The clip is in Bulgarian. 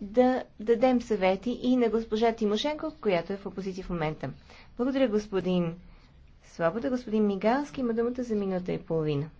да дадем съвети и на госпожа Тимошенко, която е в опозиция в момента. Благодаря, господин Свобода. Господин Мигалски има думата за минута и половина.